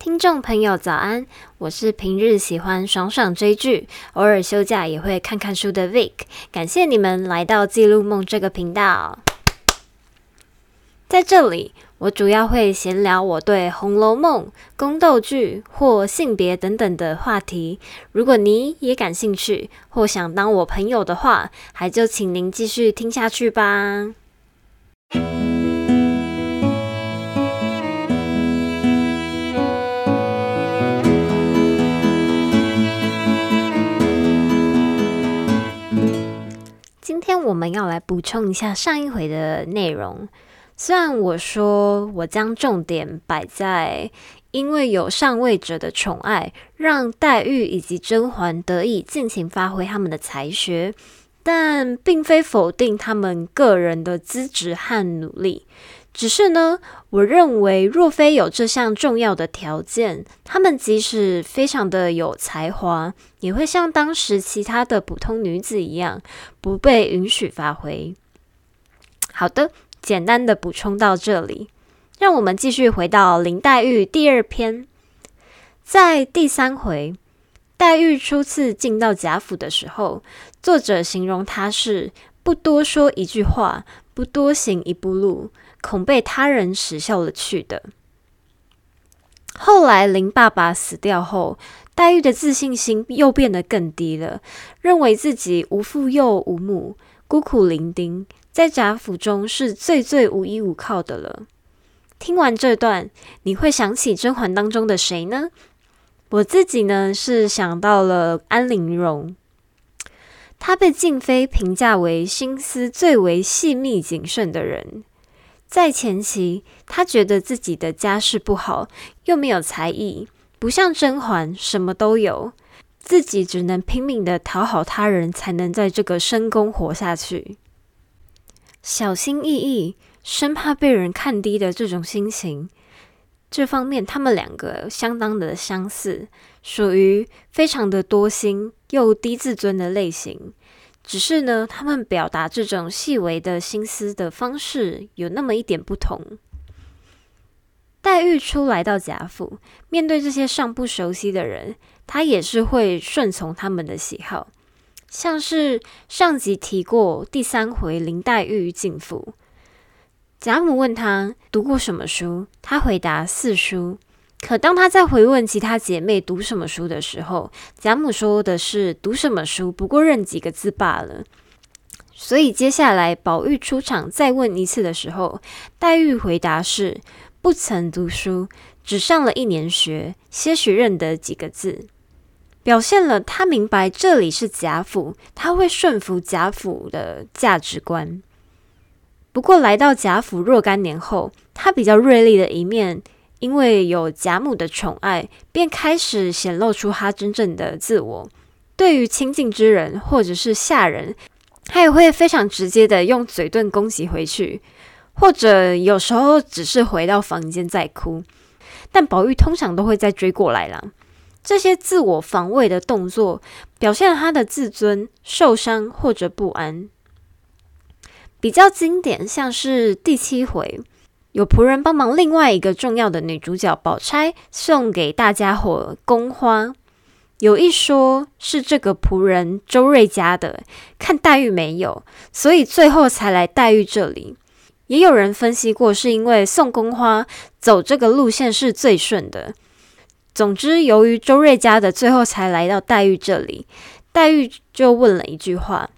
聽眾朋友早安，我是平日喜歡爽爽追劇，偶爾休假也會看看書的 Vic，感謝你們來到《記錄夢》這個頻道。 在這裡，我主要會閒聊我對《紅樓夢》、宮鬥劇或性別等等的話題。如果你也感興趣，或想當我朋友的話，還就請您繼續聽下去吧。 我們要來補充一下上一回的內容。雖然我說我將重點擺在因為有上位者的寵愛，讓黛玉以及甄嬛，得以盡情發揮他們的才學，但並非否定他們個人的資質和努力。只是呢，我認為若非有這項重要的條件，他們即使非常的有才華，也會像當時其他的普通女子一樣，不被允許發揮。好的，簡單的補充到這裡，讓我們繼續回到林黛玉第二篇。在第三回，黛玉初次進到賈府的時候，作者形容她是不多說一句話，不多行一步路。恐被他人恥笑了去的。後來林爸爸死掉後，黛玉的自信心又變得更低了，認為自己無父又無母，孤苦伶仃，在賈府中是最最無依無靠的了。聽完這段，你會想起甄嬛當中的誰呢？我自己呢，是想到了安陵容，她被敬妃評價為心思最為細密謹慎的人。在前期，他覺得自己的家世不好，又沒有才藝，不像甄嬛什麼都有，自己只能拼命的討好他人，才能在這個深宮活下去。小心翼翼，生怕被人看低的這種心情，這方面他們兩個相當的相似，屬於非常的多心又低自尊的類型。只是呢，他們表達這種細微的心思的方式有那麼一點不同。黛玉初來到賈府，面對這些尚不熟悉的人，他也是會順從他們的喜好。像是上集提過第三回，林黛玉進府，賈母問她讀過什麼書，她回答四書。可當她再回問其他姐妹讀什麼書的時候，賈母說的是讀什麼書，不過認幾個字罷了。所以接下來寶玉出場再問一次的時候，黛玉回答是不曾讀書，只上了一年學，些許認得幾個字，表現了她明白這裡是賈府，她會順服賈府的價值觀。不過來到賈府若干年後，她比較銳利的一面。因為有賈母的寵愛，便開始顯露出他真正的自我。對於親近之人或者是下人，他也會非常直接的用嘴遁，攻擊回去，或者有時候只是回到房間再哭。但寶玉通常都會再追過來啦。這些自我防衛的動作，表現了他的自尊、受傷或者不安。比較經典，像是第七回。有僕人幫忙，另外一個重要的女主角寶釵送給大家夥宮花。有一說是這個僕人周瑞家的，看黛玉沒有，所以最後才來黛玉這裡。也有人分析過，是因為送宮花走這個路線是最順的。總之，由於周瑞家的最後才來到黛玉這裡，黛玉就問了一句話：“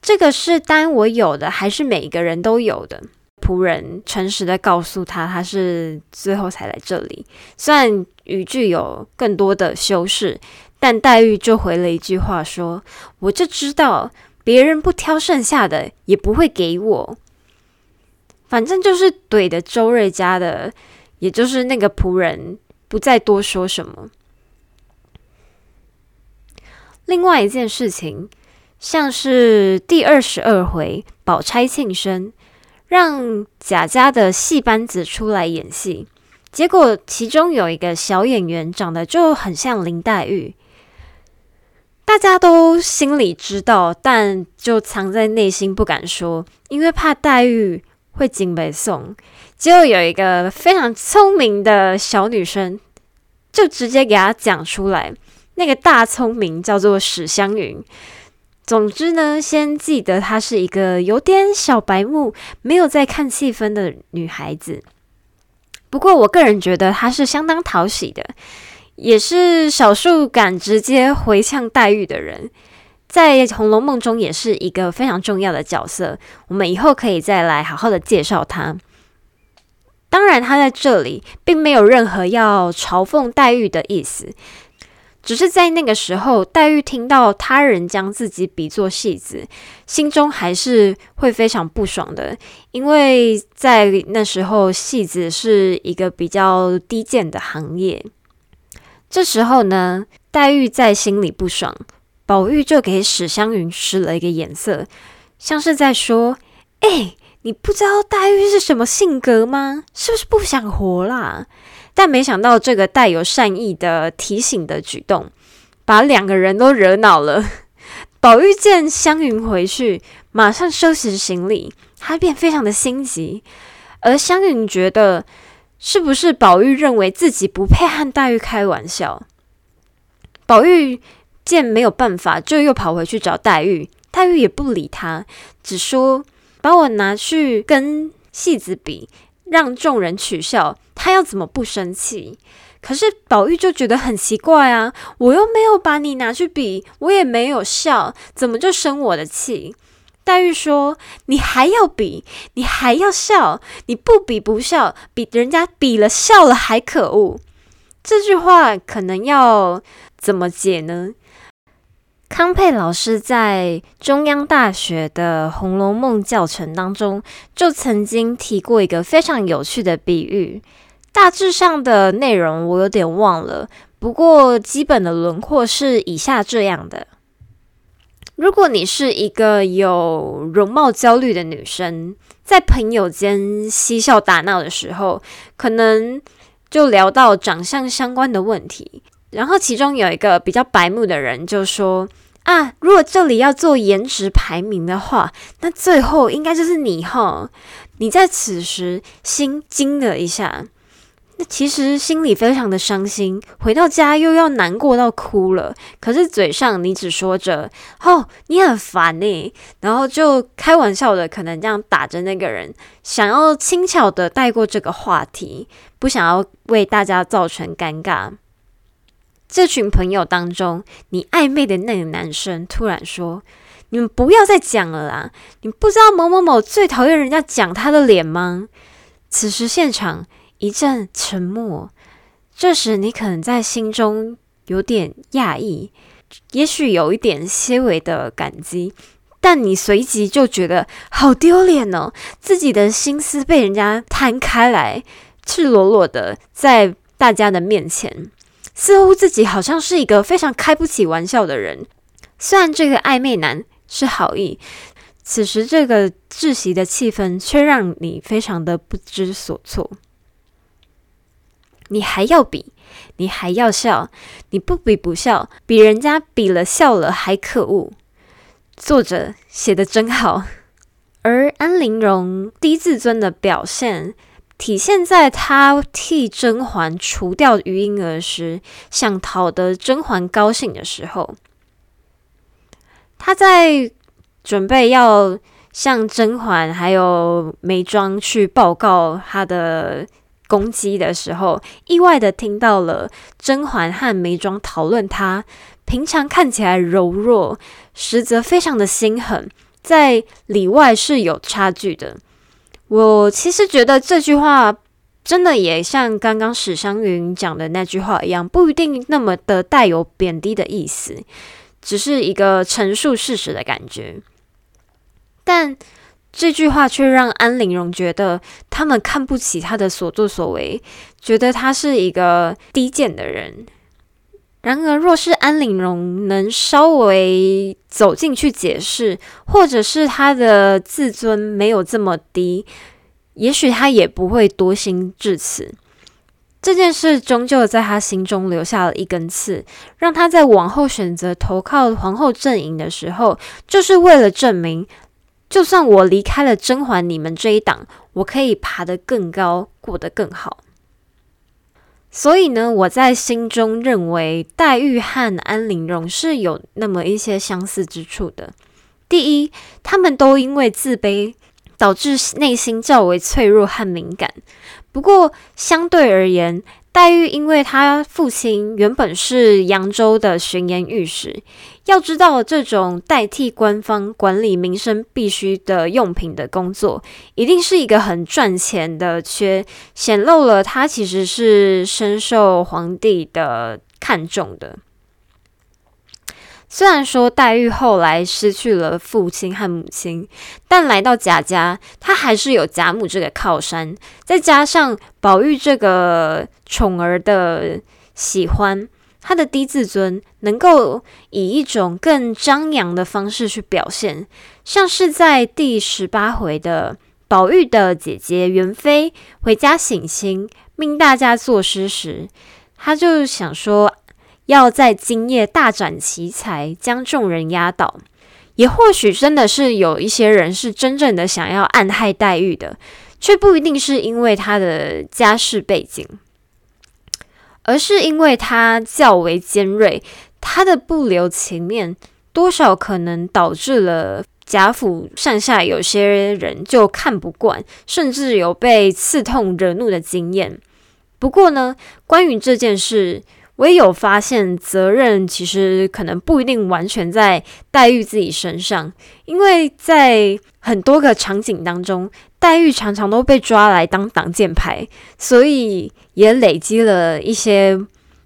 這個是單我有的，還是每一個人都有的？”僕人誠實的告訴他，他是最後才來這裡。雖然語句有更多的修飾，但黛玉就回了一句話說：“我就知道別人不挑剩下的，也不會給我。”反正就是懟的周瑞家的，也就是那個僕人，不再多說什麼。另外一件事情，像是第二十二回，寶釵慶生。讓賈家的戲班子出來演戲，結果其中有一個小演員長得就很像林黛玉，大家都心裡知道，但就藏在內心不敢說，因為怕黛玉會警備松。結果有一個非常聰明的小女生，就直接給她講出來，那個大聰明叫做史湘雲。總之呢，先記得她是一個有點小白目、沒有在看氣氛的女孩子。不過，我個人覺得她是相當討喜的，也是少數敢直接回嗆黛玉的人。在《紅樓夢》中，也是一個非常重要的角色。我們以後可以再來好好的介紹她。當然，她在這裡並沒有任何要嘲諷黛玉的意思。只是在那個時候，黛玉聽到他人將自己比作戲子，心中還是會非常不爽的。因為在那時候，戲子是一個比較低賤的行業。這時候呢，黛玉在心裡不爽，寶玉就給史湘雲使了一個眼色，像是在說：“哎，你不知道黛玉是什麼性格嗎？是不是不想活啦？”但沒想到這個帶有善意的提醒的舉動，把兩個人都惹惱了。寶玉見湘雲回去，馬上收拾行李，他便非常的心急。而湘雲覺得，是不是寶玉認為自己不配和黛玉開玩笑？寶玉見沒有辦法，就又跑回去找黛玉，黛玉也不理他，只說把我拿去跟戲子比。讓眾人取笑，他要怎麼不生氣？可是寶玉就覺得很奇怪啊，我又沒有把你拿去比，我也沒有笑，怎麼就生我的氣？黛玉說：“你還要比，你還要笑，你不比不笑，比人家比了笑了還可惡。”這句話可能要怎麼解呢？康佩老師在中央大學的《紅樓夢》教程，當中，就曾經提過一個非常有趣的比喻，大致上的內容我有點忘了，不過基本的輪廓是以下這樣的：如果你是一個有容貌焦慮的女生，在朋友間嬉笑打鬧的時候，可能就聊到長相相關的問題，然後其中有一個比較白目的人就說。啊，如果這裡要做顏值排名的話，那最後應該就是你哈、哦。你在此時心驚了一下，那其實心裡非常的傷心，回到家又要難過到哭了。可是嘴上你只說着“哦，你很煩呢”，然後就開玩笑的可能這樣打着那個人，想要輕巧的帶過這個話題，不想要為大家造成尷尬。這群朋友當中，你曖昧的那個男生突然說：“你們不要再講了啦！你不知道某某某最討厭人家講他的臉嗎？”此時現場一陣沉默。這時你可能在心中有點訝異，也許有一點些微的感激，但你隨即就覺得好丟臉哦，自己的心思被人家攤開來，赤裸裸的在大家的面前。似乎自己好像是一個非常開不起玩笑的人，雖然這個曖昧男是好意，此時這個窒息的氣氛卻讓你非常的不知所措。你還要比，你還要笑，你不比不笑，比人家比了笑了還可惡。作者寫得真好，而安陵容低自尊的表現，體現在他替甄嬛除掉余鶯兒時，想討得甄嬛高興的時候，他在準備要向甄嬛還有眉莊去報告他的攻擊的時候，意外的聽到了甄嬛和眉莊討論他平常看起來柔弱，實則非常的心狠，在裡外是有差距的。我其實覺得這句話真的也像剛剛史湘雲講的那句話一樣，不一定那麼的帶有貶低的意思，只是一個陳述事實的感覺。但這句話卻讓安陵容覺得他們看不起她的所作所為，覺得她是一個低賤的人。然而，若是安陵容能稍微走進去解釋，或者是她的自尊沒有這麼低，也許她也不會多心至此。這件事終究在她心中留下了一根刺，讓她在往後選擇投靠皇后陣營的時候，就是為了證明，就算我離開了甄嬛，你們這一黨，我可以爬得更高，過得更好。所以呢，我在心中認為，黛玉和安陵容是有那麼一些相似之處的。第一，他們都因為自卑。導致內心較為脆弱和敏感。不過，相對而言，黛玉因為她父親原本是揚州的巡鹽御史，要知道這種代替官方管理民生必需的用品的工作，一定是一個很賺錢的缺，顯露了他其實是深受皇帝的看重的。雖然說黛玉後來失去了父親和母親，但來到賈家，她還是有賈母這個靠山，再加上寶玉這個寵兒的喜歡，她的低自尊能夠以一種更張揚的方式去表現，像是在第十八回的寶玉的姐姐元妃回家省親，命大家作詩時，她就想說。要在今夜大展奇才，將眾人壓倒。也或許真的是有一些人是真正的想要暗害黛玉的，卻不一定是因為她的家世背景，而是因為她較為尖銳，她的不留情面，多少可能導致了賈府上下有些人就看不慣，甚至有被刺痛、惹怒的經驗。不過呢，關於這件事。我也有發現，責任其實可能不一定完全在黛玉自己身上，因為在很多個場景當中，黛玉常常都被抓來當擋箭牌，所以也累積了一些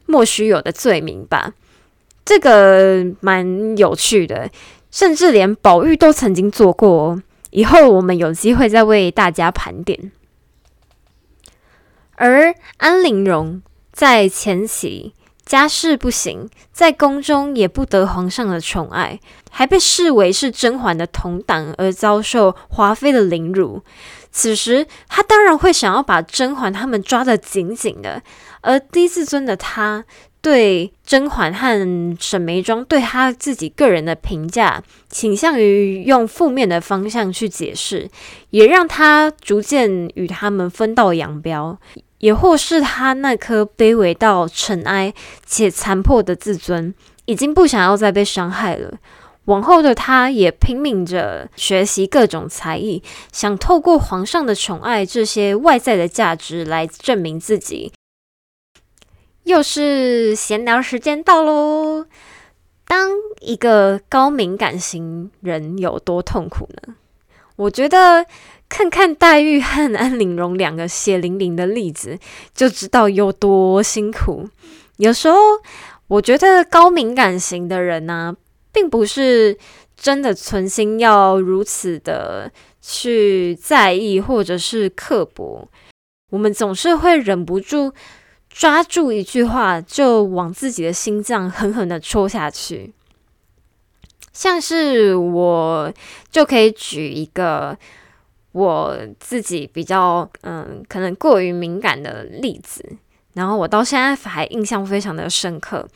莫須有的罪名吧。這個蠻有趣的，甚至連寶玉都曾經做過。以後我們有機會再為大家盤點。而安陵容在前期，家世不行，在宮中也不得皇上的寵愛，還被視為是甄嬛的同黨而遭受華妃的凌辱。此時，他當然會想要把甄嬛他們抓得緊緊的。而低自尊的他，對甄嬛和沈眉莊對他自己個人的評價，傾向於用負面的方向去解釋，也讓他逐漸與他們分道揚鑣。也或是他那顆卑微到塵埃且殘破的自尊，已經不想要再被傷害了。往後的他，也拼命着學習各種才藝，想透過皇上的寵愛這些外在的價值來證明自己。又是閒聊時間到嘍！當一個高敏感型人有多痛苦呢？我覺得。看看黛玉和安陵容兩個血淋淋的例子，就知道有多辛苦。有時候，我覺得高敏感型的人呢、啊，並不是真的存心要如此的去在意或者是刻薄，我們總是會忍不住抓住一句話，就往自己的心臟狠狠的戳下去。像是我就可以舉一個。我自己比較嗯，可能過於敏感的例子，然後我到現在還印象非常的深刻。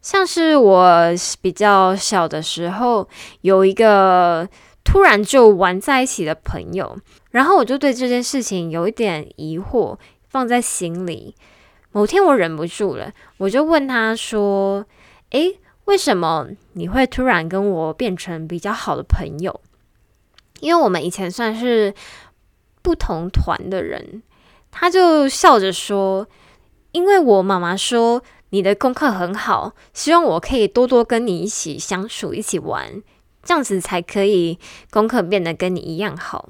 像是我比較小的時候，有一個突然就玩在一起的朋友，然後我就對這件事情有一點疑惑，放在心裡。某天我忍不住了，我就問他說：“欸，為什麼你會突然跟我變成比較好的朋友？”因為我們以前算是不同團的人，他就笑着說：“因為我媽媽說你的功課很好，希望我可以多多跟你一起相處、一起玩，這樣子才可以功課變得跟你一樣好。”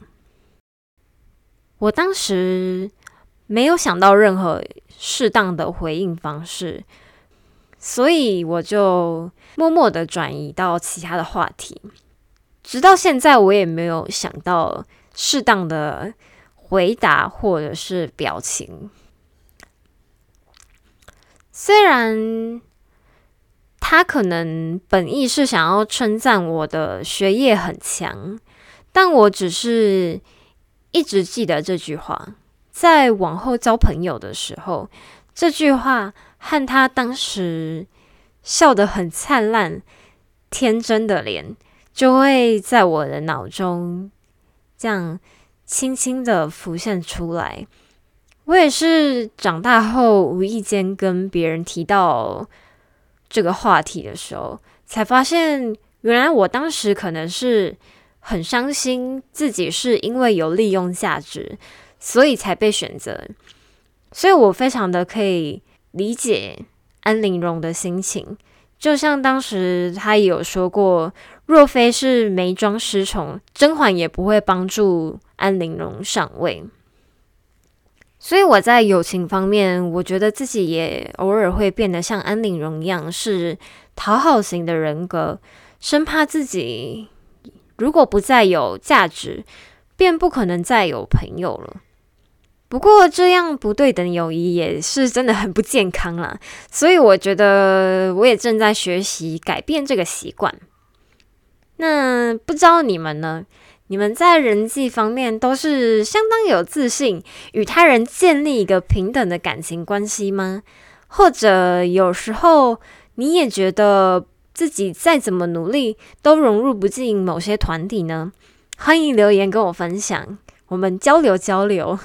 我當時沒有想到任何適當的回應方式，所以我就默默的轉移到其他的話題。直到現在，我也沒有想到適當的回答或者是表情。雖然他可能本意是想要稱讚我的學業很強，但我只是一直記得這句話。在往後交朋友的時候，這句話和他當時笑得很燦爛、天真的臉就會在我的腦中這樣輕輕的浮現出來。我也是長大後無意間跟別人提到這個話題的時候，才發現原來我當時可能是很傷心，自己是因為有利用價值，所以才被選擇。所以我非常的可以理解安陵容的心情，就像當時她也有說過。若非是眉莊失寵，甄嬛也不會幫助安陵容上位。所以我在友情方面，我覺得自己也偶爾會變得像安陵容一樣，是討好型的人格，生怕自己如果不再有價值，便不可能再有朋友了。不過這樣不對等友誼也是真的很不健康啦，所以我覺得我也正在學習改變這個習慣。那不知道你們呢？你們在人際方面都是相當有自信，與他人建立一個平等的感情關係嗎？或者有時候你也覺得自己再怎麼努力都融入不進某些團體呢？歡迎留言跟我分享，我們交流交流。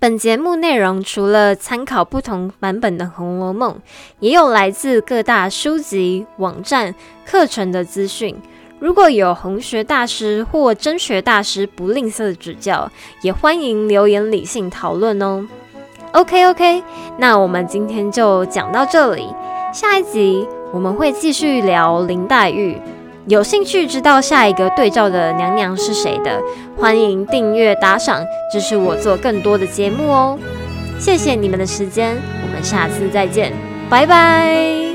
本節目內容除了參考不同版本的《紅樓夢》，也有來自各大書籍、網站、課程的資訊。如果有紅學大師或甄學大師不吝嗇的指教，也歡迎留言理性討論哦。OK OK，那我們今天就講到這裡，下一集我們會繼續聊林黛玉。有興趣知道下一個對照的娘娘是誰的，歡迎訂閱打賞支持我做更多的節目哦，謝謝你們的時間，我們下次再見，拜拜。